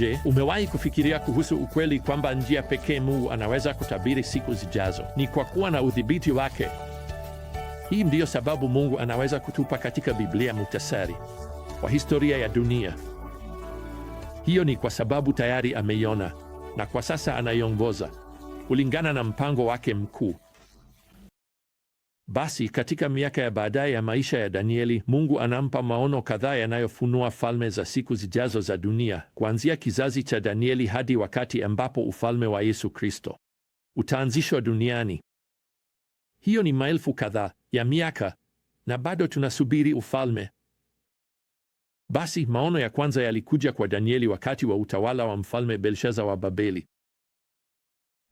Je, umewahi kufikiria kuhusu ukweli kwamba njia pekee Mungu anaweza kutabiri siku zijazo ni kwa kuwa na udhibiti wake? Hii ndiyo sababu Mungu anaweza kutupa katika Biblia muhtasari wa historia ya dunia. Hiyo ni kwa sababu tayari ameiona na kwa sasa anaiongoza kulingana na mpango wake mkuu. Basi katika miaka ya baadaye ya maisha ya Danieli, Mungu anampa maono kadhaa yanayofunua falme za siku zijazo za dunia, kuanzia kizazi cha Danieli hadi wakati ambapo ufalme wa Yesu Kristo utaanzishwa duniani. Hiyo ni maelfu kadhaa ya miaka, na bado tunasubiri ufalme. Basi maono ya kwanza yalikuja kwa Danieli wakati wa utawala wa mfalme Belshaza wa Babeli.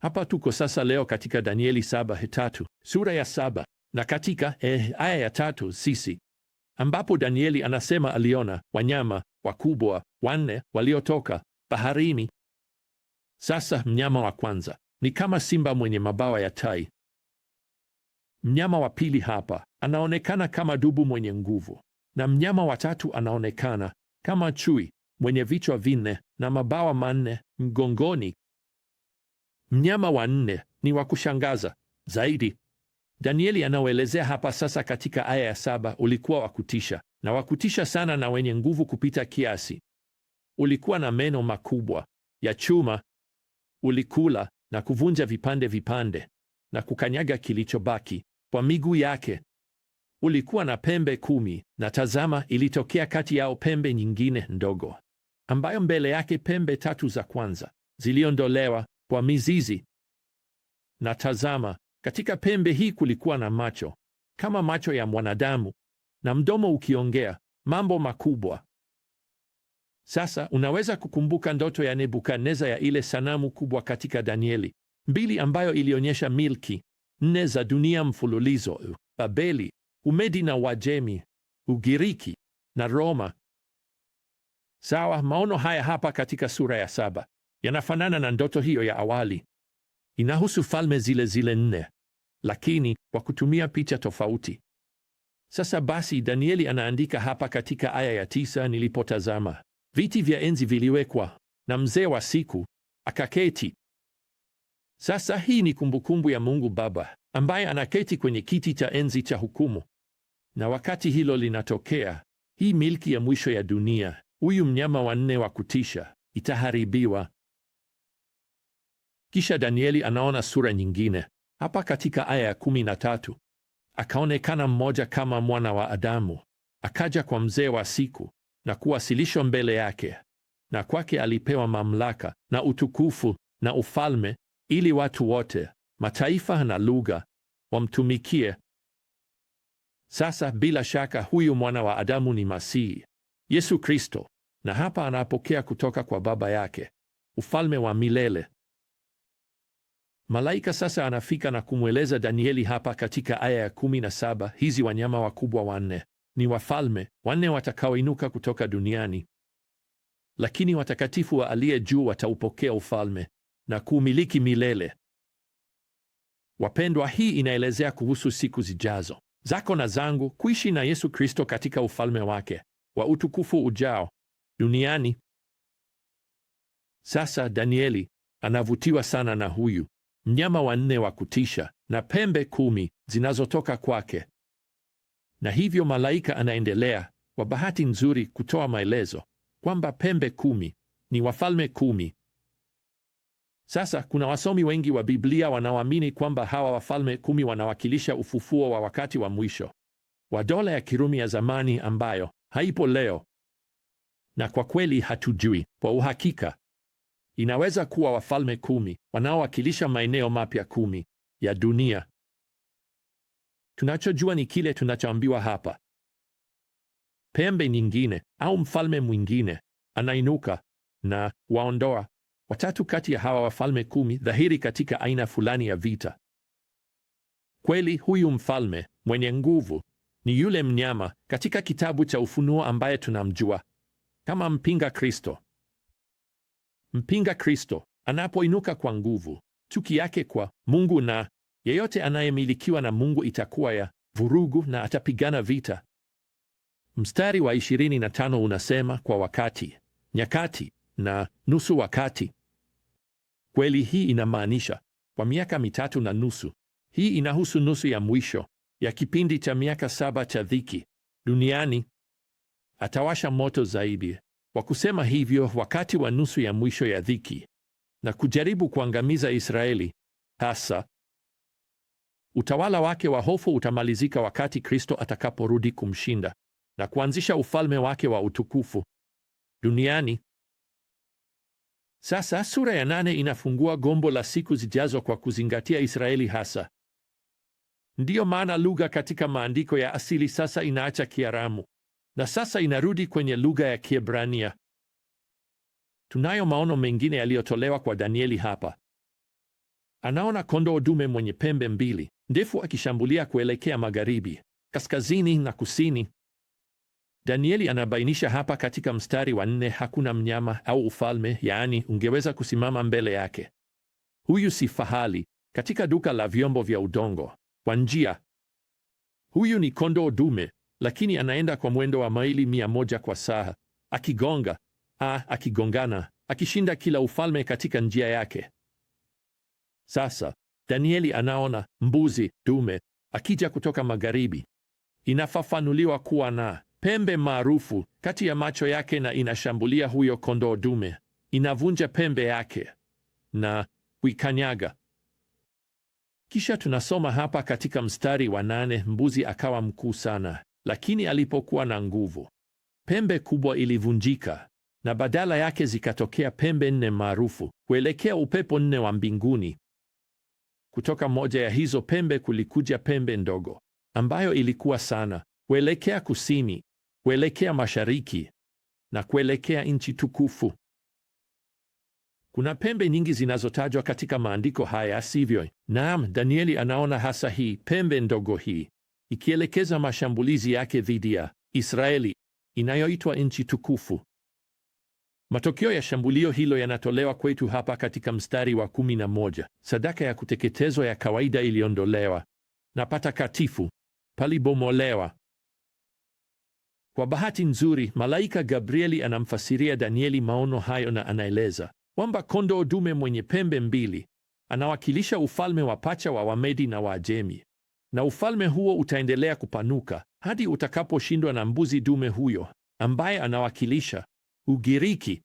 Hapa tuko sasa leo katika Danieli saba hetatu sura ya saba na katika eh, aya ya tatu sisi ambapo Danieli anasema aliona wanyama wakubwa wanne waliotoka baharini. Sasa mnyama wa kwanza ni kama simba mwenye mabawa ya tai. Mnyama wa pili hapa anaonekana kama dubu mwenye nguvu, na mnyama wa tatu anaonekana kama chui mwenye vichwa vinne na mabawa manne mgongoni. Mnyama wa nne ni wa kushangaza zaidi Danieli anaoelezea hapa sasa katika aya ya saba, ulikuwa wa kutisha na wa kutisha sana na wenye nguvu kupita kiasi. Ulikuwa na meno makubwa ya chuma, ulikula na kuvunja vipande vipande na kukanyaga kilichobaki kwa miguu yake. Ulikuwa na pembe kumi, na tazama, ilitokea kati yao pembe nyingine ndogo, ambayo mbele yake pembe tatu za kwanza ziliondolewa kwa mizizi. Na tazama, katika pembe hii kulikuwa na macho kama macho ya mwanadamu na mdomo ukiongea mambo makubwa. Sasa unaweza kukumbuka ndoto ya Nebukadneza ya ile sanamu kubwa katika Danieli mbili ambayo ilionyesha milki nne za dunia mfululizo: Babeli, Umedi na Wajemi, Ugiriki na Roma. Sawa, maono haya hapa katika sura ya saba yanafanana na ndoto hiyo ya awali inahusu falme zile zile nne, lakini kwa kutumia picha tofauti. Sasa basi, Danieli anaandika hapa katika aya ya tisa, nilipotazama viti vya enzi viliwekwa na mzee wa siku akaketi. Sasa hii ni kumbukumbu ya Mungu Baba ambaye anaketi kwenye kiti cha enzi cha hukumu, na wakati hilo linatokea, hii milki ya mwisho ya dunia, huyu mnyama wa nne wa kutisha, itaharibiwa. Kisha Danieli anaona sura nyingine hapa katika aya ya kumi na tatu. Akaonekana mmoja kama mwana wa Adamu, akaja kwa mzee wa siku na kuwasilishwa mbele yake, na kwake alipewa mamlaka na utukufu na ufalme, ili watu wote, mataifa na lugha wamtumikie. Sasa bila shaka huyu mwana wa Adamu ni Masihi Yesu Kristo, na hapa anapokea kutoka kwa Baba yake ufalme wa milele Malaika sasa anafika na kumweleza Danieli hapa katika aya ya kumi na saba hizi wanyama wakubwa wanne ni wafalme wanne watakaoinuka kutoka duniani, lakini watakatifu wa aliye juu wataupokea ufalme na kuumiliki milele. Wapendwa, hii inaelezea kuhusu siku zijazo zako na zangu kuishi na Yesu Kristo katika ufalme wake wa utukufu ujao duniani. Sasa Danieli anavutiwa sana na huyu mnyama wanne wa kutisha na pembe kumi zinazotoka kwake. Na hivyo malaika anaendelea kwa bahati nzuri kutoa maelezo kwamba pembe kumi ni wafalme kumi. Sasa kuna wasomi wengi wa Biblia wanaoamini kwamba hawa wafalme kumi wanawakilisha ufufuo wa wakati wa mwisho wa dola ya Kirumi ya zamani ambayo haipo leo, na kwa kweli hatujui kwa uhakika inaweza kuwa wafalme kumi wanaowakilisha maeneo mapya kumi ya dunia. Tunachojua ni kile tunachoambiwa hapa. Pembe nyingine au mfalme mwingine anainuka na waondoa watatu kati ya hawa wafalme kumi dhahiri katika aina fulani ya vita. Kweli huyu mfalme mwenye nguvu ni yule mnyama katika kitabu cha Ufunuo ambaye tunamjua kama mpinga Kristo. Mpinga Kristo anapoinuka kwa nguvu, chuki yake kwa Mungu na yeyote anayemilikiwa na Mungu itakuwa ya vurugu na atapigana vita. Mstari wa 25 unasema kwa wakati, nyakati na nusu wakati. Kweli hii inamaanisha kwa miaka mitatu na nusu. Hii inahusu nusu ya mwisho ya kipindi cha miaka saba cha dhiki duniani. Atawasha moto zaidi kwa kusema hivyo wakati wa nusu ya mwisho ya dhiki na kujaribu kuangamiza Israeli. Hasa utawala wake wa hofu utamalizika wakati Kristo atakaporudi kumshinda na kuanzisha ufalme wake wa utukufu duniani. Sasa sura ya nane inafungua gombo la siku zijazo kwa kuzingatia Israeli hasa. Ndiyo maana lugha katika maandiko ya asili sasa inaacha Kiaramu na sasa inarudi kwenye lugha ya Kiebrania. Tunayo maono mengine yaliyotolewa kwa Danieli hapa. Anaona kondoo dume mwenye pembe mbili ndefu akishambulia kuelekea magharibi, kaskazini na kusini. Danieli anabainisha hapa katika mstari wa nne, hakuna mnyama au ufalme, yaani ungeweza kusimama mbele yake. Huyu si fahali katika duka la vyombo vya udongo kwa njia. Huyu ni kondoo dume lakini anaenda kwa mwendo wa maili mia moja kwa saa, akigonga a, akigongana, akishinda kila ufalme katika njia yake. Sasa Danieli anaona mbuzi dume akija kutoka magharibi. Inafafanuliwa kuwa na pembe maarufu kati ya macho yake na inashambulia huyo kondoo dume, inavunja pembe yake na kuikanyaga. Kisha tunasoma hapa katika mstari wa nane, mbuzi akawa mkuu sana lakini alipokuwa na nguvu, pembe kubwa ilivunjika na badala yake zikatokea pembe nne maarufu kuelekea upepo nne wa mbinguni. Kutoka moja ya hizo pembe kulikuja pembe ndogo ambayo ilikuwa sana kuelekea kusini, kuelekea mashariki na kuelekea nchi tukufu. Kuna pembe nyingi zinazotajwa katika maandiko haya, sivyo? Naam, Danieli anaona hasa hii pembe ndogo hii ikielekeza mashambulizi yake dhidi ya Israeli inayoitwa nchi tukufu. Matokeo ya shambulio hilo yanatolewa kwetu hapa katika mstari wa kumi na moja. Sadaka ya kuteketezwa ya kawaida iliondolewa na patakatifu palibomolewa. Kwa bahati nzuri, malaika Gabrieli anamfasiria Danieli maono hayo na anaeleza kwamba kondoo dume mwenye pembe mbili anawakilisha ufalme wa pacha wa Wamedi na Waajemi na ufalme huo utaendelea kupanuka hadi utakaposhindwa na mbuzi dume huyo ambaye anawakilisha Ugiriki.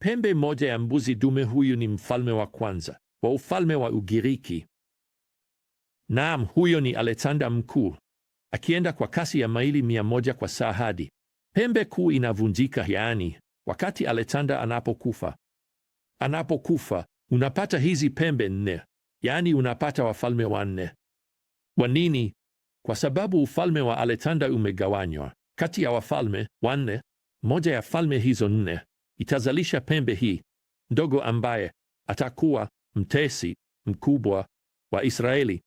Pembe moja ya mbuzi dume huyu ni mfalme wa kwanza wa ufalme wa Ugiriki. Naam, huyo ni Alexander Mkuu akienda kwa kasi ya maili mia moja kwa saa hadi pembe kuu inavunjika, yaani wakati Alexander anapokufa. Anapokufa unapata hizi pembe nne, yaani unapata wafalme wanne. Kwa nini? Kwa sababu ufalme wa Aletanda umegawanywa kati ya wafalme wanne. Moja ya falme hizo nne itazalisha pembe hii ndogo ambaye atakuwa mtesi mkubwa wa Israeli.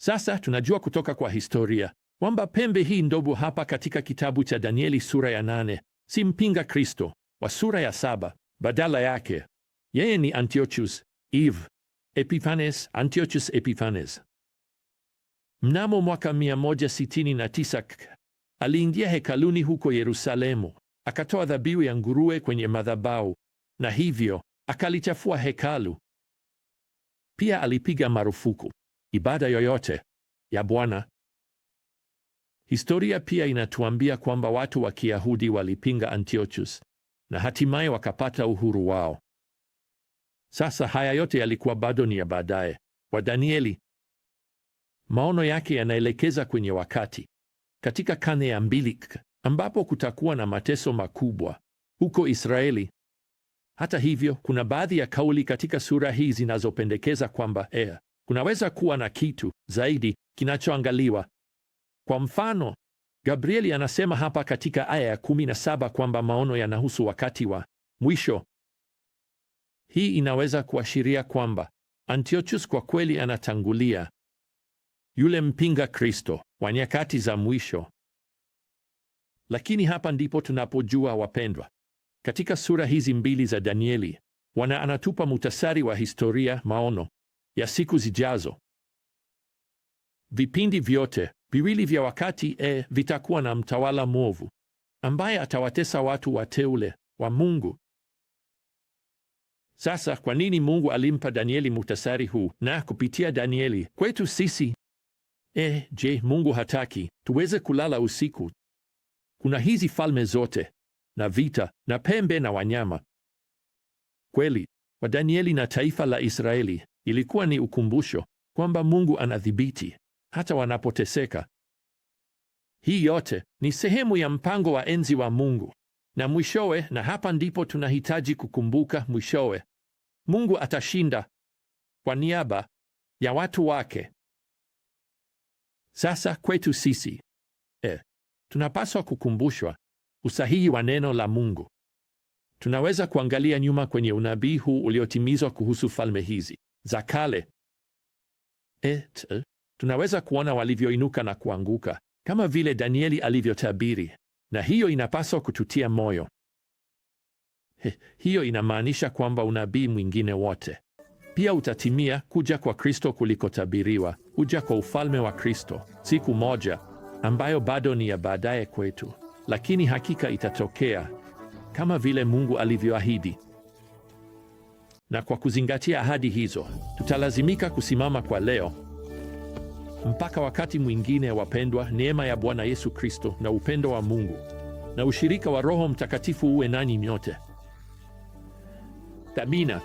Sasa tunajua kutoka kwa historia kwamba pembe hii ndogo hapa katika kitabu cha Danieli sura ya nane si mpinga Kristo wa sura ya saba. Badala yake yeye ni Antiochus Eve Epiphanes, Antiochus Epiphanes. Mnamo mwaka 169 aliingia hekaluni huko Yerusalemu, akatoa dhabihu ya nguruwe kwenye madhabahu na hivyo akalichafua hekalu. Pia alipiga marufuku ibada yoyote ya Bwana. Historia pia inatuambia kwamba watu wa Kiyahudi walipinga Antiochus na hatimaye wakapata uhuru wao. Sasa haya yote yalikuwa bado ni ya baadaye kwa Danieli maono yake yanaelekeza kwenye wakati katika kane ya mbilik ambapo kutakuwa na mateso makubwa huko Israeli. Hata hivyo, kuna baadhi ya kauli katika sura hii zinazopendekeza kwamba eh, kunaweza kuwa na kitu zaidi kinachoangaliwa. Kwa mfano, Gabrieli anasema hapa katika aya ya 17 kwamba maono yanahusu wakati wa mwisho. Hii inaweza kuashiria kwamba Antiochus kwa kweli anatangulia yule mpinga Kristo wa nyakati za mwisho. Lakini hapa ndipo tunapojua, wapendwa, katika sura hizi mbili za Danieli, wana anatupa mutasari wa historia, maono ya siku zijazo. Vipindi vyote viwili vya wakati e vitakuwa na mtawala mwovu ambaye atawatesa watu wateule wa Mungu. Sasa kwa nini Mungu alimpa Danieli muhtasari huu na kupitia Danieli kwetu sisi Eh, je, Mungu hataki tuweze kulala usiku. Kuna hizi falme zote na vita na pembe na wanyama. Kweli wa Danieli na taifa la Israeli ilikuwa ni ukumbusho kwamba Mungu anadhibiti hata wanapoteseka. Hii yote ni sehemu ya mpango wa enzi wa Mungu, na mwishowe, na hapa ndipo tunahitaji kukumbuka, mwishowe Mungu atashinda kwa niaba ya watu wake. Sasa kwetu sisi eh, tunapaswa kukumbushwa usahihi wa neno la Mungu. Tunaweza kuangalia nyuma kwenye unabii huu uliotimizwa kuhusu falme hizi za kale. E, tunaweza kuona walivyoinuka na kuanguka kama vile Danieli alivyotabiri, na hiyo inapaswa kututia moyo. He, eh, hiyo inamaanisha kwamba unabii mwingine wote pia utatimia kuja kwa Kristo kulikotabiriwa kuja kwa ufalme wa Kristo siku moja ambayo bado ni ya baadaye kwetu, lakini hakika itatokea kama vile Mungu alivyoahidi. Na kwa kuzingatia ahadi hizo, tutalazimika kusimama kwa leo. Mpaka wakati mwingine, wapendwa, neema ya Bwana Yesu Kristo na upendo wa Mungu na ushirika wa Roho Mtakatifu uwe nanyi nyote. Amina.